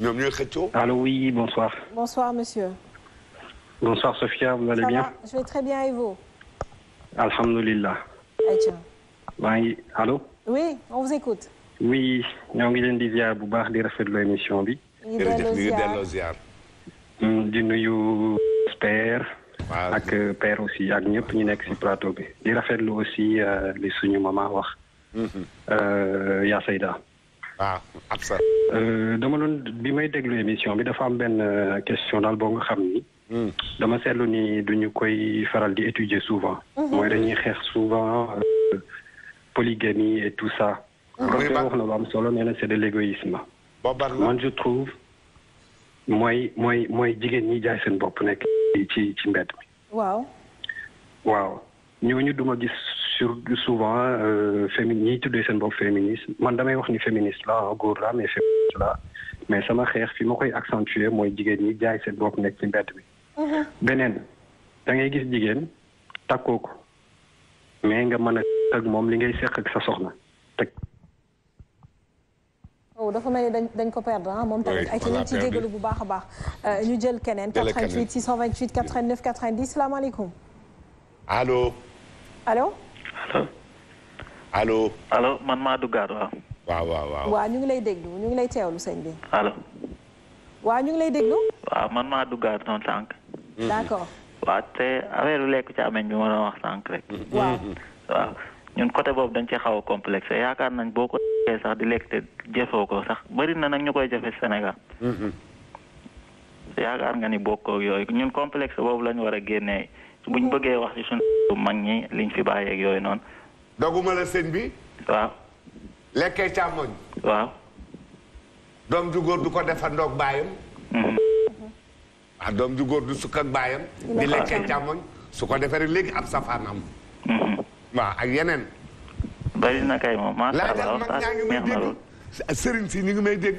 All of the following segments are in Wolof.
ñoom ñooy xëccoo. allo oui bonsoir. bonsoir monsieur. bonsoir Sophia vous allez bien. Va? je vais très bien et vous. alhamdulilah. maa ngi allo. oui on vous écoute. oui ñoo ngi leen di ziar bu baax di rafetlu émission bi. ñu delloo ziar mm, di nuyu père. ak euh, père aussi ak ñëpp ñu nekk ci plateau bi. di rafetlu aussi euh, li suñu maman wax. Mm-hmm. Euh, yaa Seyda. waaw Absa. Euh, dama doon bi may déglu émission bi dafa am benn euh, question daal boo nga xam ni. Hmm. dama seetlu ni duñu koy faral di étudier souvent. Mhm. mooy dañuy xeex souvent euh, polygamie et tout ça. Mhm. professeur wax na lu am solo neen na c'est de l'égoïsme. man je trouve mooy mooy mooy jigéen ñi jaay seen bopp nekk ci ci mbedd mi. waaw. waaw ñooñu du ma gis sur souvent euh, féminin ñiy tuddee seen bopp féministe man damay wax ni féministe la ah, góor la mais féministe la mais sama xeex fi ma koy accentuer mooy jigéen ñi jaay seen bopp nekk ci mbedd bi. Uh-huh. beneen da ngay gis jigéen takkoo ko mais nga mën a ak moom li ngay seq ak sa soxna teg. waaw oh, dafa mel ni dañ ko perdre ah moom tamit ak ñu ci jégalu bu baax a baax euh, ñu jël keneen. 88 628 89 90 salaamaaleykum. allo. allo. allo. allo. man maa duggaat waaw. waaw waaw waaw. waaw ñu ngi lay déglu ñu ngi lay teewlu sëñ bi. allo. waaw ñu ngi lay déglu. waaw man maa duggaat noonu sànq. Mm-hmm. d'accord. waaw te affaire lekk ci ameñ bi ma doon wax sànq rek. Mm-hmm. waaw. ñun côté boobu dañ ci xaw a complexe yaakaar nañ boo ko sax di lekk te jëfoo ko sax bari na nag ñu koy jafe Sénégal. Mm-hmm. yaakaar nga ni bokkoo yooyu ñun complexe boobu lañu war a génnee buñ bëggee wax ci suñu mag ñi liñ fi bàyyeeg yooyu noonu. doguma la sëñ bi. waaw. lekkee càmmoñ. waaw. doom ju góor du ko defandoog baayam. Mm-hmm. ah doom ju góor du ak baayam. di lekkee càmmoñ léegi ab safaanam. Mm-hmm. waaw ak yeneen. bari na kay moom macha allah waxtaan neex na lool. sëriñ si ñu ngi may dégg.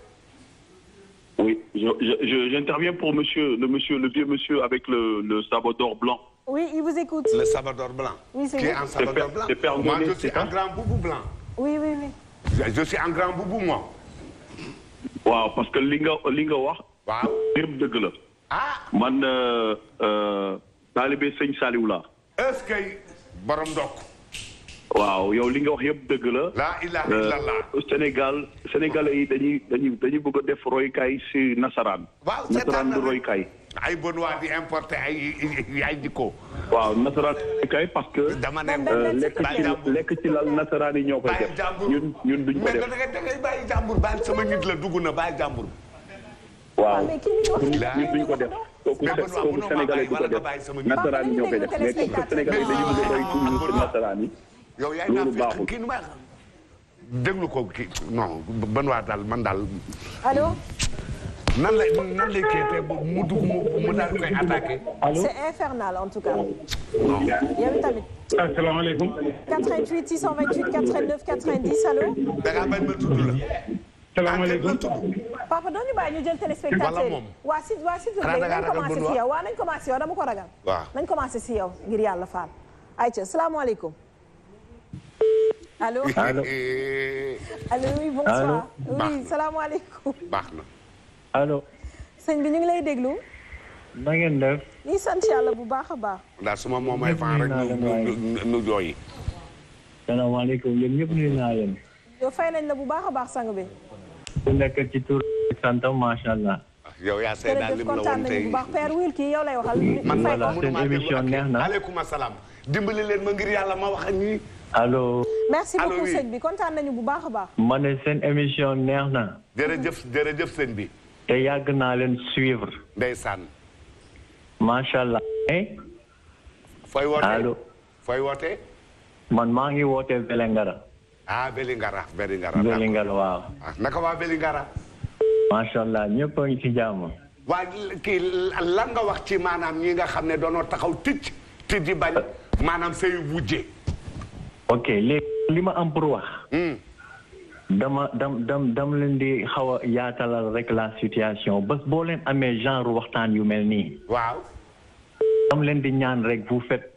J'interviens pour monsieur, le monsieur, le vieux monsieur avec le, le sabador blanc. Oui, il vous écoute. Le sabador blanc. Oui, c'est un grand boubou blanc. Oui, oui, oui. Je, suis un grand boubou, moi. waaw parce que li nga li nga wax. waaw lépp dëgg la. ah man. Euh, euh, taalibe sëñ Saliou est-ce que borom ndokk. waaw yow li nga wax yëpp dëgg la. la ilaha illallah. Euh, Sénégal sénégalais yi dañuy dañuy dañuy bëgg a def roykaay si nasaraan. waaw nasaraan du roykaay. ay bon waa di ay ay waaw nasaraan roykaay parce que. dama ne euh, lekk ci lekk ci lal yi ñoo koy def. Ah, ñun ñun duñ ko def mais da ngay bàyyi jàmbur bàyyi sama nit la na bàyyi jàmbur. waaw ñun duñ ko def. kooku kooku sénégalais du ko def nasaraan yi ñoo koy def mais comme que sénégalais dañu bëgg a roy toujours si nasaraan yi. yow yaay naa fekk kii nu may déglu ko kii non ban waa daal man daal. allo. nan lay nan lay kii mu dugg mu daal koy attaqué. allo c'est infernal en tout cas. non. yow tamit. asalaamaaleykum. 88 628 89 90 allo. da ngaa bañ ma tudd la. salaamaaleykum papa doo ñu bàyyi ñu jël téléspectateur yi waa si waa si nañ commencé si yow waa nañ commencé yow dama ko ragal. waaw nañ commencé si yow ngir yàlla faal. ayca salaamaaleykum. allo allo allo oui bonsoir. oui salaamaaleykum. baax na. alo sëñ bi ñu lay déglu. na ngeen def. ñu sant bu baax a baax. ndax suma moomay fan rek ñu ñu jooyi. salaamaaleykum yéen ñëpp nuyu naa leen. yow fay nañ la bu baax a baax sang bi. ku nekk ci tur santam macha allah. yow yaa seedaan lim la woon tey bu baax Père Will kii yow lay waxal. man voilà seen émission neex na. aleykum salaam dimbali ma ngir yàlla ma wax ak allo. merci beaucoup sëñ bi kontaan nañu bu baax a baax. ma ne seen émission neex na. jërëjëf jërëjëf sëñ bi. te yàgg naa leen suivre. ndeysaan. macha allah. Eh? fooy wootee allo. fooy woote man maa ngi wootee Vélingara. ah Vélingara Vélingara. Vélingara waaw. Ah, naka waa Vélingara. macha allah ñëpp a ngi ci jàmm. waa kii lan nga wax ci maanaam ñi nga xam ne doonoo taxaw tëj. tëj bañ euh. maanaam say wujje. ok léegi li ma am pour wax. Hmm. dama dam dam dam leen di xaw a yaatalal rek la situation bés boo leen amee genre waxtaan yu mel nii. waaw. dam leen di ñaan rek vous faites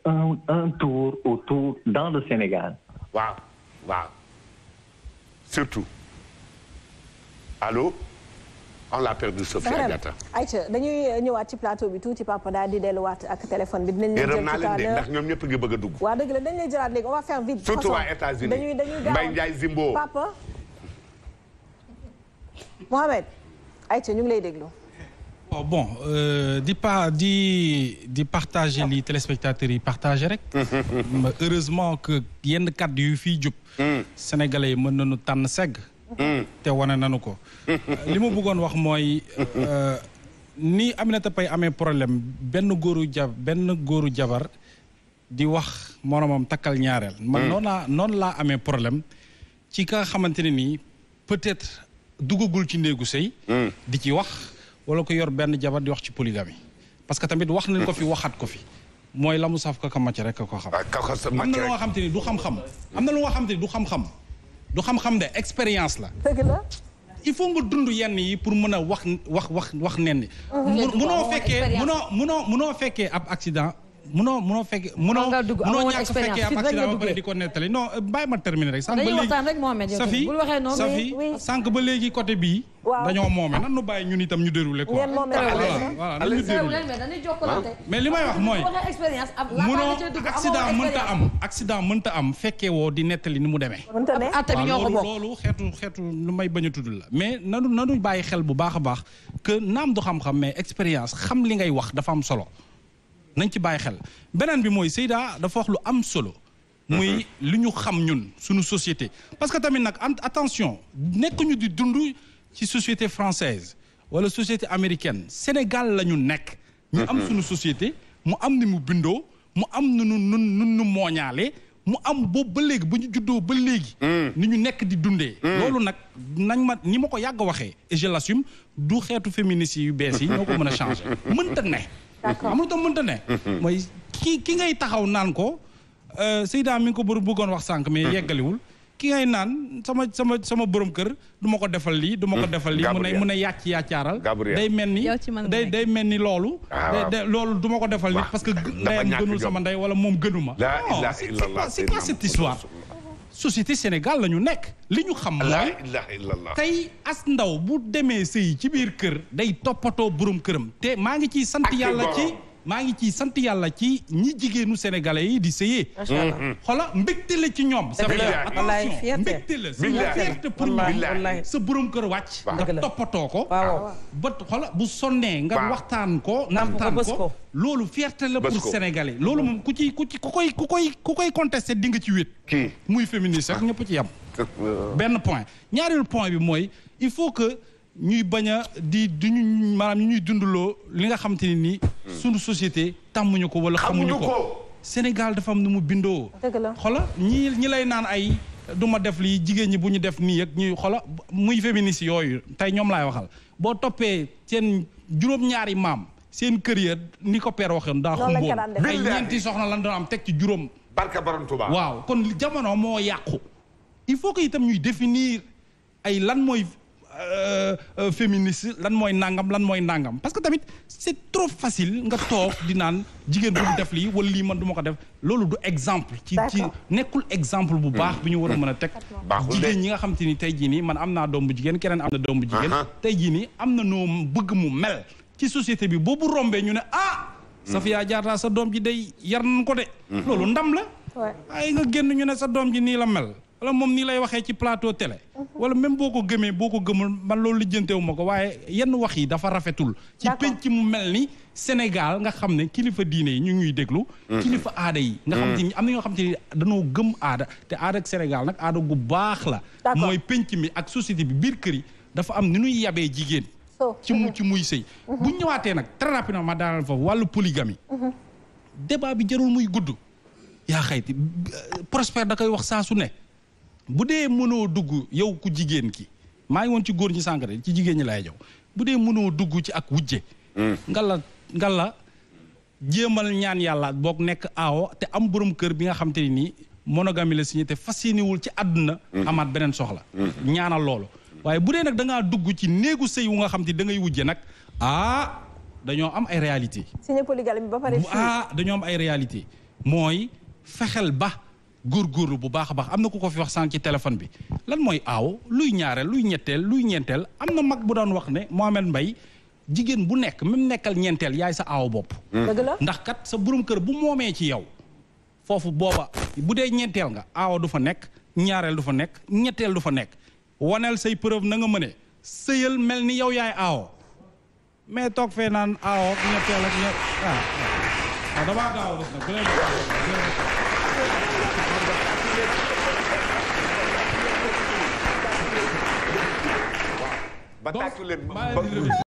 un tour autour dans le Sénégal. waaw surtout allo. on a perdu Sophie ñëwaat ci bi tuuti papa daal di bi. dinañ leen jël tout à l'heure a dugg. waaw dëgg la dañ lay jëlaat léegi on va faire vite. surtout waa États-Unis dañuy dañuy gaaw Mbaye Ndiaye lay déglu. Oh, bon bon euh, di pa di di partager oh. li téléspectateurs yi partager rek. heureusement que yenn kàddu yu fiy jub. Hmm. sénégalais yi mën nañu tànn segg. te wane nanu ko. li mu bëggoon wax mooy. Euh, ni Aminata Paye amee problème benn góoru ja benn góoru jabar di wax moromam takkal ñaareel. man mm. noonu laa amee problème ci ka nga xamante ne nii peut-être duggagul ci néegu sëy mm. di ci wax wala ko yor benn jabar di wax ci polygamie parce que tamit wax nañ ko fi waxaat ko fi. mooy la mu saf kaka màcc rek ka ko xam. Ah, am na lu nga xam ni du xam am na lu nga xam ni du xam-xam. du xam-xam de expérience la. dëgg il faut nga dund yenn yi pour mën a wax wax wax wax nenn. munoo fekkee munoo munoo munoo fekkee ab accident. munoo munoo fekk munoo. munoo ñàkk fekkee am accident ba pare di ko nettali non euh, bàyyi ma terminer rek. sànq ba léegi dañuy waxtaan rek Safi sànq ba léegi côté bii. dañoo moome nan nu bàyyi ñun itam ñu déroulé quoi. ngeen moome voilà voilà ñu déroulé. mais li may wax mooy. munoo accident mënta am accident mënta am fekkee woo di nettali ni mu demee. mënta ne atta bi ñoo ko loolu xeetu xeetu lu may bañ a la. mais nanu nanu bàyyi xel bu baax a baax que naam du xam-xam mais expérience xam li ngay wax dafa am solo nañ ci bàyyi xel beneen bi mooy Seyda dafa wax lu am solo. muy mm-hmm. li ñu xam ñun suñu société. parce que tamit nag am attention nekkuñu di dund ci société française wala société américaine Sénégal la ñu nekk. ñu am mm-hmm. suñu société mu am ni mu bindoo mu am nu nu nu nun nu mooñaale mu am boobu ba léegi bu ñu juddoo ba léegi. Mm. ni ñu nekk di dundee. Mm. loolu nag nañ ma ni ma ko yàgg waxee et je du xeetu féministes yu bees yi ñoo ko mën a changer mënta ne. d'accord xam nga tam mënta ne. Mhm. mooy ki ki ngay taxaw naan ko euh, Seyda mi ngi ko bëggoon wax sànq. mais mhm. yeggaliwul. ki ngay naan sama sama sama borom kër du ma ko defal lii du ma ko mhm. defal lii mun a mun a yàcc yàccaaral day mel ni day day mel ni loolu ah, day loolu du ma ko defal lii parce que ndeyam gënul sama ndey wala moom gënuma non c'est pas cette histoire société Sénégal la ñu nekk li ñu xam mooy tey as ndaw bu demee sëy ci biir kër day toppatoo borom këram te maa ngi ciy sant yàlla ci maa ngi ci sant yàlla ci ñi jigéenu sénégalais yi di sëyee mhm. xola mbégte la ci ñoom sa attention mbégte la sa fierté pour ñoom sa borom kër wàcc nga toppatoo ko ba xola bu sonnee nga waxtaan ko naxtaan ko loolu fierté la pour sénégalais loolu moom ku ci ku ci ku koy ku koy ku koy contesté di nga ci wét muy féministe sax ñëpp ci yam benn point ñaareelu point bi mooy il faut que ñuy bañ a di duñu maanaam ñuy dundaloo li nga xam te ne nii. Hmm. sunu société tàmmuñu ko wala. xamuñu ko Sénégal dafa am nu mu bindoo. dëgg la ñi ñi lay naan ay. du def lii jigéen ñi bu ñu def nii ak ñuy xola muy féministe yooyu tey ñoom laay waxal boo toppee seen juróom-ñaari maam seen kër ya ni ko père waxoon daa xumboon ay ñeenti soxna lan doon am teg ci juróom. barka Borom Tuubaa waaw kon jamono moo yàqu. il faut que itam ñuy définir ay lan mooy. Euh, euh, féministe lan mooy nangam lan mooy nangam parce que tamit c'est trop facile nga toog di naan jigéen bu def lii wala lii man du ma ko def loolu du exemple. ci ci nekkul exemple bu baax bu ñu war a mën a teg. jigéen ñi nga xam te ni tey jii nii man am naa doom bu jigéen keneen am na doom bu jigéen. Uh-huh. tey jii nii am na noo bëgg mu mel. ci société bi boobu rombee ñu ne ah. Hmm. Safia Diatta sa doom ji day yar nañ ko de. Hmm. loolu ndam la. ay nga génn ñu ne sa doom ji nii la mel. wala moom nii lay waxee ci plateau télé. wala même boo ko gëmee boo ko gëmul man loolu lijjantewu ma ko waaye yenn wax yi dafa rafetul. ci penc mu mel ni Sénégal nga xam ne kilifa diine yi ñu ngi déglu. Mm-hmm. kilifa aada yi. nga xam te ni am na ñoo xam te ni dañoo gëm aada te aada ak Sénégal nag aada gu baax la. mooy penc mi ak société bi biir kër yi dafa am ni ñuy yabee jigéen. ci mu mm-hmm. ci muy sëy. Mm-hmm. bu ñëwaatee nag très rapidement ma daanal foofu wàllu polygamie. débat bi jarul muy gudd. yaa euh, da koy wax saa su ne. bu dee mënoo dugg yow ku jigéen ki maa ngi woon ci góor ñi sànq ci jigéen ñi laay jow bu dee mënoo dugg ci ak wujje hmm. ngalla ngalla jéemal ñaan yàlla boog nekk aawo te am borom kër bi nga xam te ni nii monogamie la signé te fas yéenewul ci àdduna hmm. amaat beneen soxla hmm. ñaana loolu waaye bu dee nag da dugg ci néegu sëy wu nga xam te da ngay wujje nag ah dañoo am ay réalité signé polygamie ba pare ah dañoo am ay réalité mooy fexel ba góorgóorlu bu baax a baax am na ku ko fi wax sànq ci téléphone bi lan mooy aaw luy ñaareel luy ñetteel luy ñeenteel am na mag bu doon wax ne moo Mohamed mbay jigéen bu nekk même nekkal ñeenteel yaay sa aaw bopp. Hmm. ndax kat sa borom kër bu moomee ci yow foofu booba bu dee ñeenteel nga aaw du fa nekk ñaareel du fa nekk ñetteel du fa nekk waneel say preuve nanga nga mëne sëyal mel ni yow yaay aaw mais toog fee naan aaw ñetteel ak ñett ah, ah. ah gaaw a des ba tàccu leen